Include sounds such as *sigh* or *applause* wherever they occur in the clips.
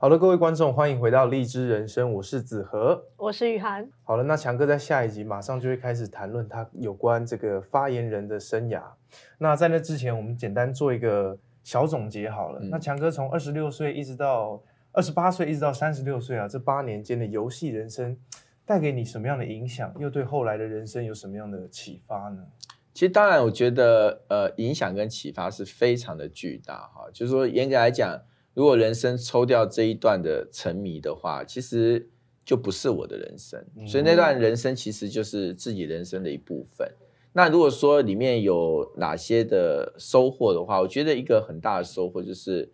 好了，各位觀眾，歡迎回到《荔枝人生》，我是子和，我是雨涵。好了，那強哥在下一集馬上就會開始談論他有關這個發言人的生涯。那在那之前，我們簡單做一個小總結好了。嗯，那強哥從二十六歲一直到二十八歲，一直到三十六歲啊，這八年間的遊戲人生，帶給你什麼樣的影響，又對後來的人生有什麼樣的啟發呢？其實，當然，我覺得，呃，影響跟啟發是非常的巨大哈。就是說，嚴格來講。如果人生抽掉這一段的沉迷的話，其實就不是我的人生，嗯、所以那段人生其實就是自己人生的一部分。那如果說裡面有哪些的收穫的話，我覺得一個很大的收穫就是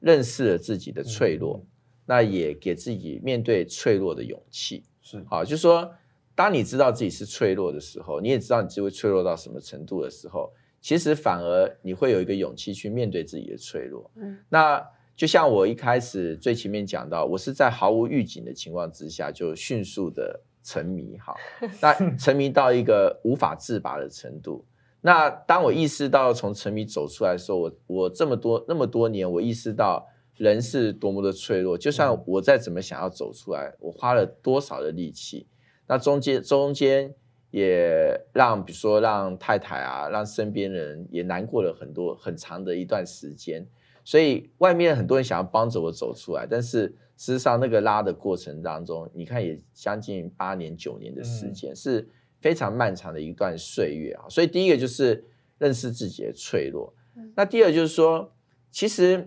認識了自己的脆弱，嗯、那也給自己面對脆弱的勇氣。是啊，就是說，當你知道自己是脆弱的時候，你也知道你自己會脆弱到什麼程度的時候，其實反而你會有一個勇氣去面對自己的脆弱。嗯，那。就像我一開始最前面講到，我是在毫無預警的情況之下就迅速的沉迷哈，那沉迷到一個無法自拔的程度。 *laughs* 那當我意識到從沉迷走出來的時候，我我這麼多那麼多年，我意識到人是多麼的脆弱。就算我再怎麼想要走出來，我花了多少的力氣，那中間中間也讓比如說讓太太啊，讓身邊人也難過了很多很長的一段時間。所以外面很多人想要幫着我走出來，但是事實上那個拉的過程當中，你看也將近八年九年的時間，嗯、是非常漫長的一段歲月啊。所以第一個就是認識自己的脆弱，嗯、那第二就是說，其實，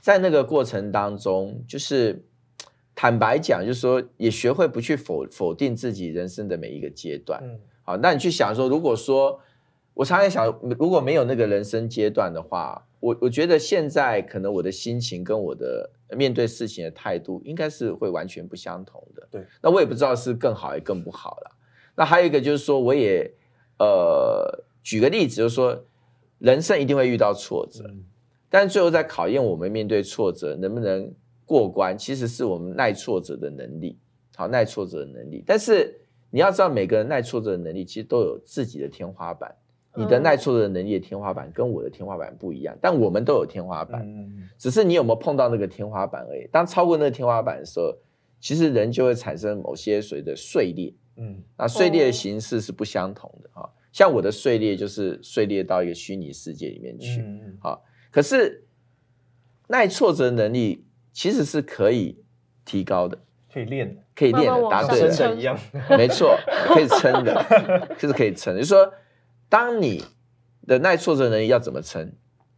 在那個過程當中，就是坦白講，就是說也學會不去否否定自己人生的每一個階段。嗯、好，那你去想說，如果說。我常常想，如果沒有那個人生階段的話，我我覺得現在可能我的心情跟我的面對事情的態度，應該是會完全不相同的。對，那我也不知道是更好還是更不好了。是那還有一個就是說，我也呃舉個例子，就是說，人生一定會遇到挫折，嗯、但最後在考驗我們面對挫折能不能過關，其實是我們耐挫折的能力，好，耐挫折的能力。但是你要知道，每個人耐挫折的能力其實都有自己的天花板。你的耐挫折能力的天花板跟我的天花板不一樣，嗯、但我們都有天花板，嗯、只是你有沒有碰到那個天花板而已。當超過那個天花板的時候，其實人就會產生某些所謂的碎裂。嗯，那碎裂的形式是不相同的啊。嗯、像我的碎裂就是碎裂到一個虛擬世界裡面去。嗯好、啊，可是耐挫折能力其實是可以提高的，可以練，可以練，的。慢慢答對了，一樣， *laughs* 沒錯，可以撐的， *laughs* 的，就是可以撐，就是說。當你的耐挫折能力要怎麼撐，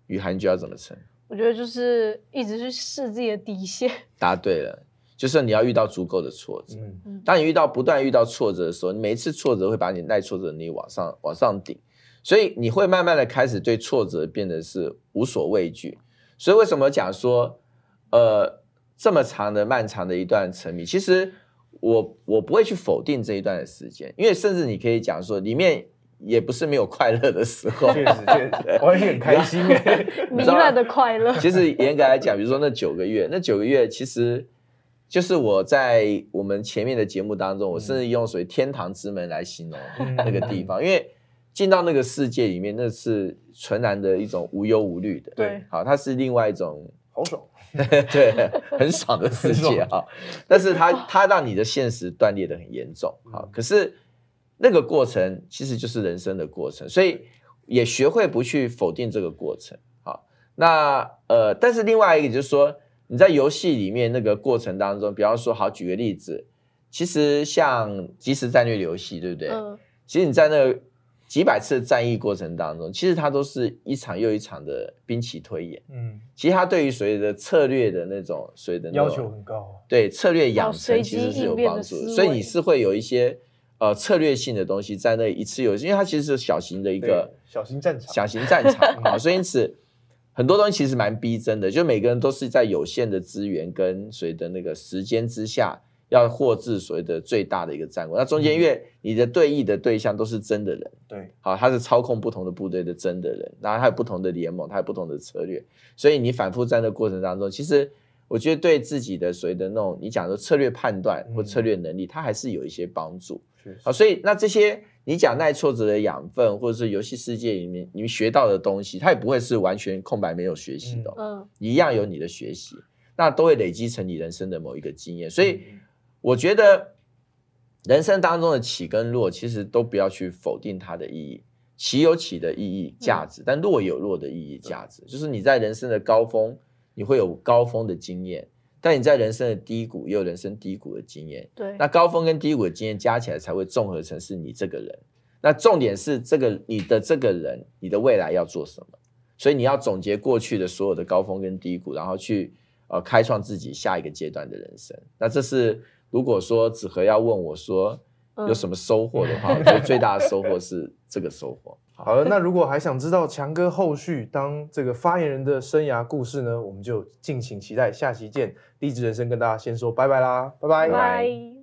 雨涵就要怎麼撐。我覺得就是一直去試自己的底線。答對了，就是你要遇到足夠的挫折。嗯。當你遇到不斷遇到挫折的時候，你每一次挫折會把你耐挫折能力往上往上頂，所以你會慢慢的開始對挫折變得是無所畏懼。所以為什麼講說，呃，這麼長的漫長的一段沉迷，其實我我不會去否定這一段的時間，因為甚至你可以講說裡面。也不是沒有快樂的時候，確實確實，確實 *laughs* 我也是很開心。迷亂的快樂。其實嚴格來講，比如說那九個月，那九個月其實就是我在我們前面的節目當中，我甚至用所謂天堂之門來形容那個地方，嗯、因為進到那個世界裡面，那是純然的一種無憂無慮的。對，好，它是另外一種好爽， *laughs* 對，很爽的世界哈爽、哦，但是它它讓你的現實斷裂得很嚴重。好、嗯哦，可是。那個過程其實就是人生的過程，所以也學會不去否定這個過程。好，那呃，但是另外一個就是說，你在遊戲裡面那個過程當中，比方說好，好舉個例子，其實像即時戰略遊戲，對不對？嗯。其實你在那個幾百次戰役過程當中，其實它都是一場又一場的兵棋推演。嗯。其實它對於所謂的策略的那種，所謂的要求很高。對，策略養成，其實是有幫助，哦，所以你是會有一些。呃，策略性的東西在那一次有，因為它其實是小型的一個小型戰場，小型戰場啊， *laughs* 所以因此很多東西其實蠻逼真的，就每個人都是在有限的資源跟所謂的那個時間之下，要獲致所謂的最大的一個戰果。嗯、那中間因為你的對弈的對象都是真的人，對，好，他是操控不同的部隊的真的人，然後他有不同的聯盟，他有不同的策略，所以你反復在那過程當中，其實。我覺得對自己的所謂的那種，你講的策略判斷或策略能力，它還是有一些幫助。是啊，所以那這些你講耐挫折的養分，或者是遊戲世界裡面你們學到的東西，它也不會是完全空白沒有學習的。嗯，一樣有你的學習，那都會累積成你人生的某一個經驗。所以我覺得人生當中的起跟落，其實都不要去否定它的意義。起有起的意義價值，但落有落的意義價值，就是你在人生的高峰，你會有高峰的經驗，但你在人生的低谷也有人生低谷的經驗。對，那高峰跟低谷的經驗加起來才會綜合成是你這個人。那重點是這個你的這個人，你的未來要做什麼？所以你要總結過去的所有的高峰跟低谷，然後去呃開創自己下一個階段的人生。那這是如果說子和要問我說有什麼收穫的話，我覺得最大的收穫是。這個收穫好，好了，那如果還想知道強哥後續當這個發言人的生涯故事呢，我們就敬請期待下期見。荔枝人生跟大家先說拜拜啦，拜拜。Bye.